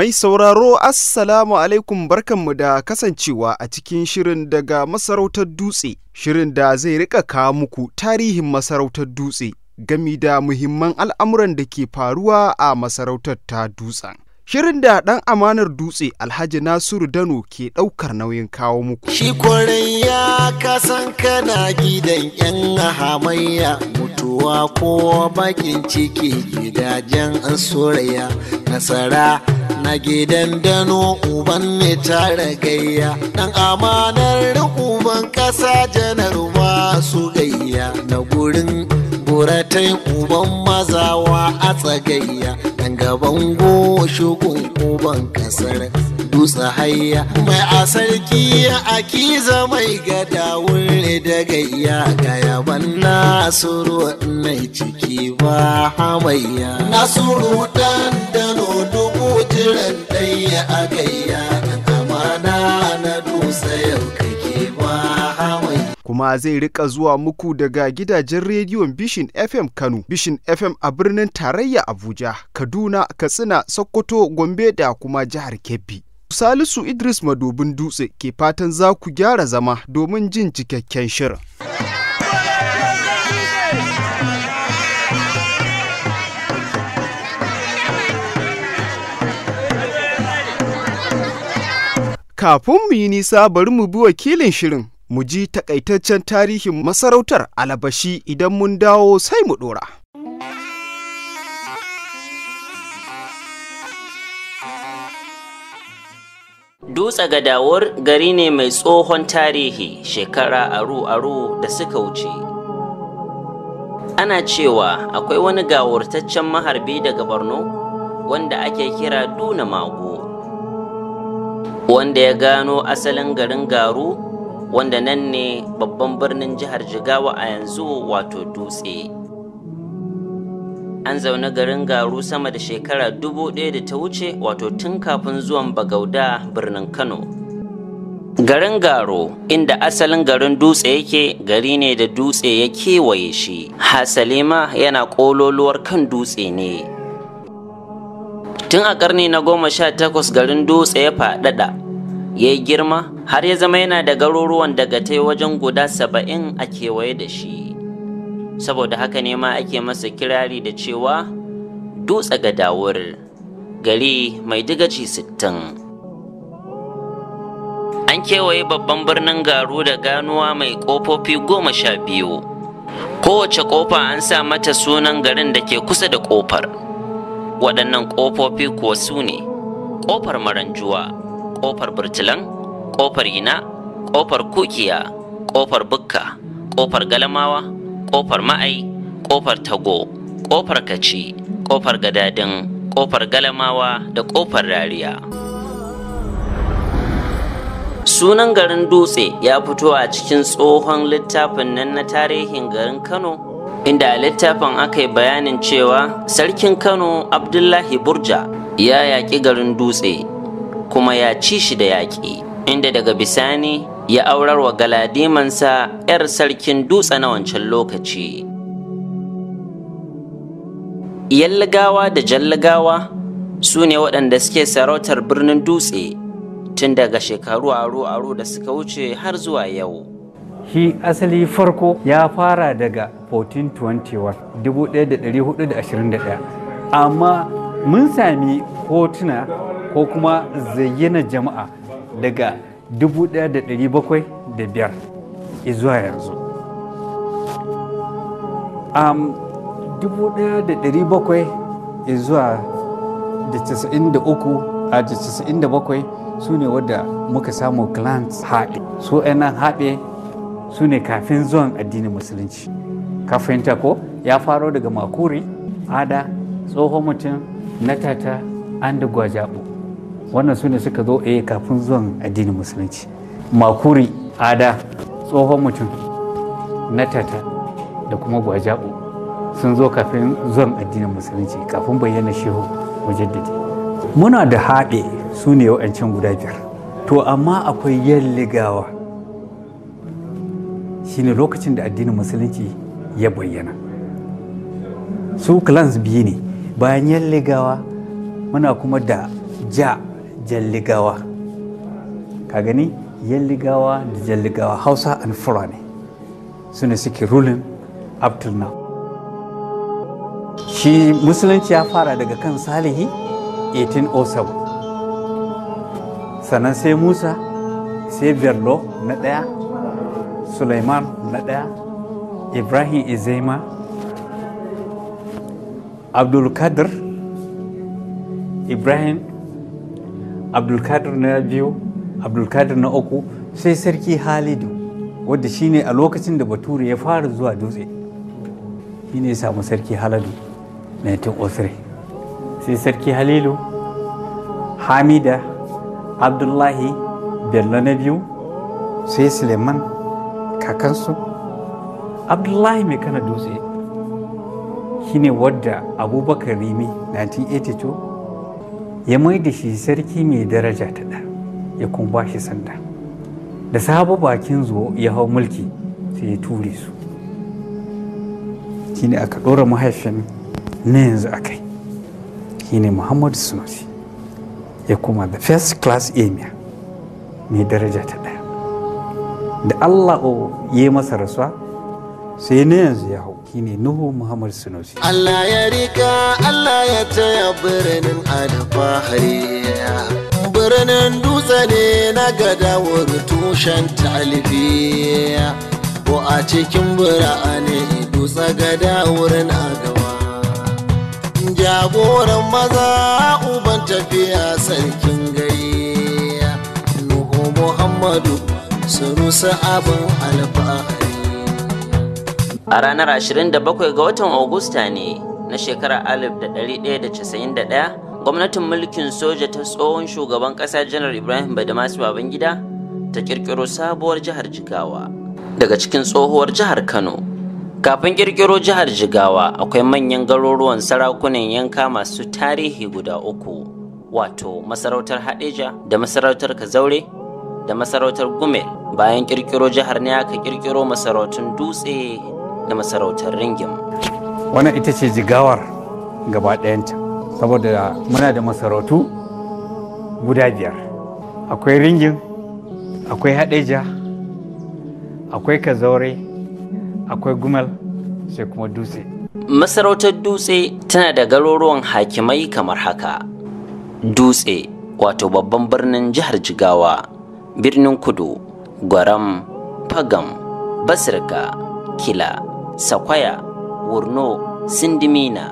Mai sauraro Assalamu alaikum barkanmu da kasancewa a cikin shirin daga masarautar dutse, shirin da zai rika kawo muku tarihin masarautar dutse gami da muhimman al'amuran da ke faruwa a masarautar ta dutsen. Shirin da ɗan amanar dutse Alhaji Nasiru Dano ke ɗaukar nauyin kawo muku. Shi kwarai ya kasan kana gidan 'yan hamayya mutuwa ko bakin ciki gidajen soraya nasara na gidan Dano uban ne tara gayya ɗan amanar uban ƙasa janar masu gayya na gurin kuratai uban mazawa a tsagayya ɗan gaban go shugun uban kasar dutse haya. mai a sarki a kiza mai gada wuri da gayya ga yaban nasuru mai ciki ba hamayya nasuru dan da dubu jiran ɗaya a gayya amana na dutse yau kuma zai rika zuwa muku daga gidajen rediyon Bishin FM Kano, Bishin FM a birnin tarayya Abuja, Kaduna, Katsina, Sokoto, Gombe da kuma jihar Kebbi. Salisu Idris Madobin Dutse ke fatan za ku gyara zama domin jin cikakken shirin. Kafin mu yi nisa bari mu bi wakilin shirin mu ji takaitaccen tarihin masarautar alabashi idan mun dawo sai mu ɗora. Dutse gadawar gari ne mai tsohon tarihi shekara aru-aru da suka wuce. Ana cewa akwai wani gawurtaccen maharbi daga Borno wanda ake kira Duna Mago, wanda ya gano asalin garin garu wanda nan ne babban birnin jihar jigawa a yanzu wato dutse an zaune garin garu sama da shekara dubu ɗaya da ta wuce wato tun kafin zuwan bagauda birnin kano garin garo inda asalin garin dutse yake gari ne da dutse ya kewaye shi hasalima yana ƙololuwar kan dutse ne tun a ƙarni na goma sha takwas garin dutse ya faɗaɗa ya yi girma har ya zama yana da garuruwan daga yi wajen guda saba'in a kewaye da shi saboda haka ne ma ake masa kirari da cewa dutse ga dawur gari mai digaci sittin an kewaye babban birnin garu da ganuwa mai ƙofofi goma sha biyu kowace ƙofa an sa mata sunan garin da ke kusa da ƙofar waɗannan ƙofofi kuwa su ne ƙofar maranjuwa ƙofar birtilan? ƙofar yina ƙofar kukiya ƙofar bukka ƙofar galamawa ƙofar ma'ai ƙofar tago ƙofar kaci ƙofar gadadin ƙofar galamawa da ƙofar rariya sunan garin dutse ya fito a cikin tsohon littafin nan na tarihin garin kano inda a littafin aka yi bayanin cewa sarkin kano abdullahi burja ya yaƙi garin dutse kuma ya ci shi da yaƙi inda daga bisani ya aurar wa galadimansa 'yar sarkin dutse na wancan lokaci Yallagawa da Jallagawa su ne waɗanda suke sarautar birnin dutse tun daga shekaru aro-aro da suka wuce har zuwa yau shi asali farko ya fara daga 1421 1421 amma mun sami hotuna ko kuma zayyana jama'a daga 1705 zuwa yanzu a 1700 zuwa 93 a 97 su ne wadda muka samu glans haɗe. su nan haɓe su ne kafin zuwan addinin musulunci kafin ko ya faro daga makuri ada tsohon mutum na tata an da gwajabu wannan su ne suka zo eh kafin zuwan addinin musulunci makuri ada tsohon mutum Natata da kuma gwajabu sun zo kafin zuwan addinin musulunci kafin bayyana shehu mujaddadi muna da haɗe su ne wa'ancan guda biyar to amma akwai yan ligawa shine lokacin da addinin musulunci ya bayyana su clans biyu ne bayan yan ligawa muna kuma da ja jalligawa ka gani yalligawa da jalligawa hausa and fura ne su ne suke rulin up till shi musulunci ya fara daga kan salihi 1807 sannan sai musa sai berlo na daya suleiman na daya ibrahim izema abdulkadir ibrahim abdulkadir na biyu abdulkadir na uku sai sarki halidu wadda shine a lokacin da bature ya fara zuwa dutse shine ya samu sarki haladu 1903 sai sarki halilu hamida abdullahi bello na biyu sai suleiman kakansu abdullahi mai kana dutse shine wadda abubakar rimi 1982 ya mai da shi sarki mai daraja ta ɗa ya kuma ba shi sanda da sabo bakin zuwa ya hau mulki sai ya ture su shine aka ɗora mahaifin na yanzu a kai shine muhammadu sunusi ya kuma the first class emir mai daraja ta ɗaya da allah O ya masa rasuwa sai na yanzu ya hau ne Nuhu Muhammad Sunusi. Allah ya rika Allah ya taya birnin alfahari birnin dutse ne na gada wuri tushen talibi ko a cikin birane dutse gada wurin agawa jagoran maza uban tafiya sarkin gari Nuhu Muhammadu Sunusi abin alfahari A ranar 27 ga watan Agusta ne na shekarar 1991, gwamnatin mulkin soja ta tsohon shugaban ƙasa janar Ibrahim Badamasu Babangida ta ƙirƙiro sabuwar jihar Jigawa daga cikin tsohuwar jihar Kano. Kafin ƙirƙiro jihar Jigawa akwai manyan garuruwan sarakunan yanka masu tarihi guda uku, wato masarautar Hadeja da masarautar Kazaure. da masarautar gumel bayan ƙirƙiro jihar ne aka ƙirƙiro masarautun dutse na masarautar ringin. wannan ita ce jigawar gaba ɗayanta saboda muna da masarautu guda biyar akwai ringin akwai haɗeja akwai kazaure akwai gumal sai kuma dutse masarautar dutse tana da garuruwan hakimai kamar haka dutse wato babban birnin jihar jigawa birnin kudu gwaram fagam basirka kila sakwaya wurno sindimina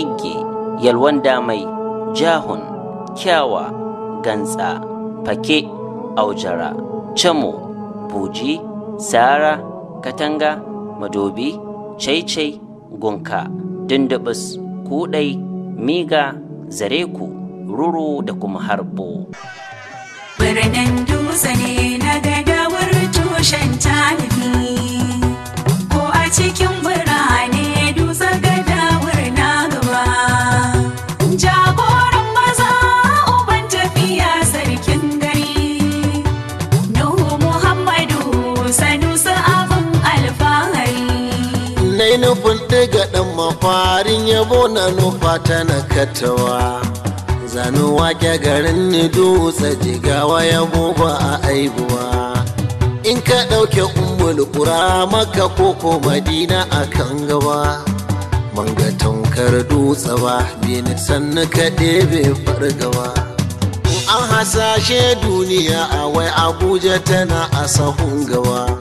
igge Yalwanda mai, jahun kyawa gantsa fake aujara camo buji sara katanga madobi caicai gunka dindibis kudai miga zareku ruru da kuma harbo birnin dutse ne na gadawar tushen sai ga ɗan mafarin yabo na nufa ta na katawa zanu wake garin ni dutse jigawa yabo ba a aibuwa in ka ɗauke ummul kura maka koko madina a kan gaba manga tankar dutse ba bini sannu ka ɗebe fargaba an hasashe duniya a wai abuja tana a sahun gaba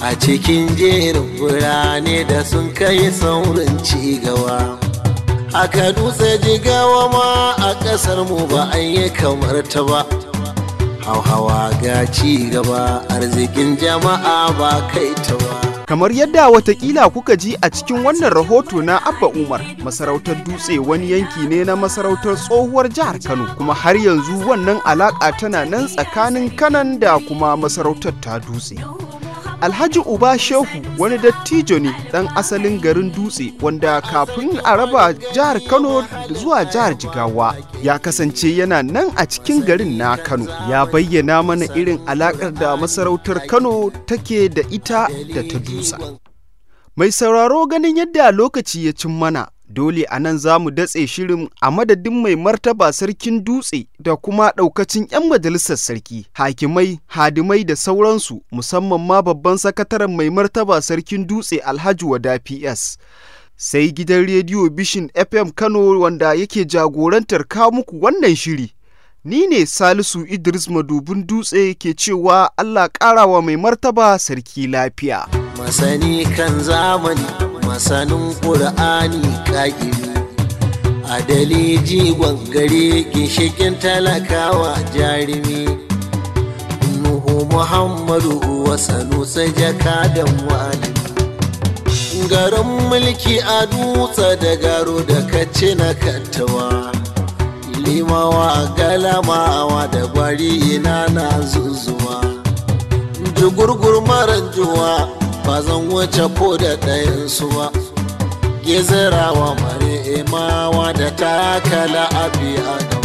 a cikin jerin birane da sun kai saurin cigawa aka dutse jigawa ma a ƙasar mu ba an yi kamar ta ba hawa ga cigaba arzikin jama'a ba kai ta ba kamar yadda watakila kuka ji a cikin wannan rahoto na abba umar masarautar dutse wani yanki ne na masarautar tsohuwar jihar kano kuma har yanzu wannan alaƙa tana nan tsakanin kanan da kuma masarautar ta dutse Alhaji Uba Shehu wani dattijo ne ɗan asalin garin Dutse wanda kafin a raba jihar Kano zuwa jihar Jigawa ya kasance yana nan a cikin garin na Kano. Ya bayyana mana irin alakar da masarautar Kano take da ita da ta dutsa. Mai sauraro ganin yadda lokaci ya cin mana Dole a nan za mu datse shirin a madadin mai martaba sarkin dutse da kuma ɗaukacin 'yan majalisar sarki, hakimai, hadimai da sauransu musamman ma babban sakataren mai martaba sarkin dutse Alhaji Wada PS. Sai gidan rediyo Bishin FM Kano wanda yake jagorantar kawo muku wannan shiri. Ni ne Salisu Idris Madubin Dutse ke cewa Allah wa mai martaba sarki lafiya. Masani kan zamani. masanin ƙur'ani ƙaƙiri a jigon gare ginshikin talakawa jarumi nuhu muhammadu sanusa sai da walimi garin mulki a dutse da garo da kacce na kattawa limawa galamawa da gwari ina na zuzuwa jugurgur maran juwa ba zan wuce ko da ɗayan suwa gezirawa mare imawa eh, da takala abi a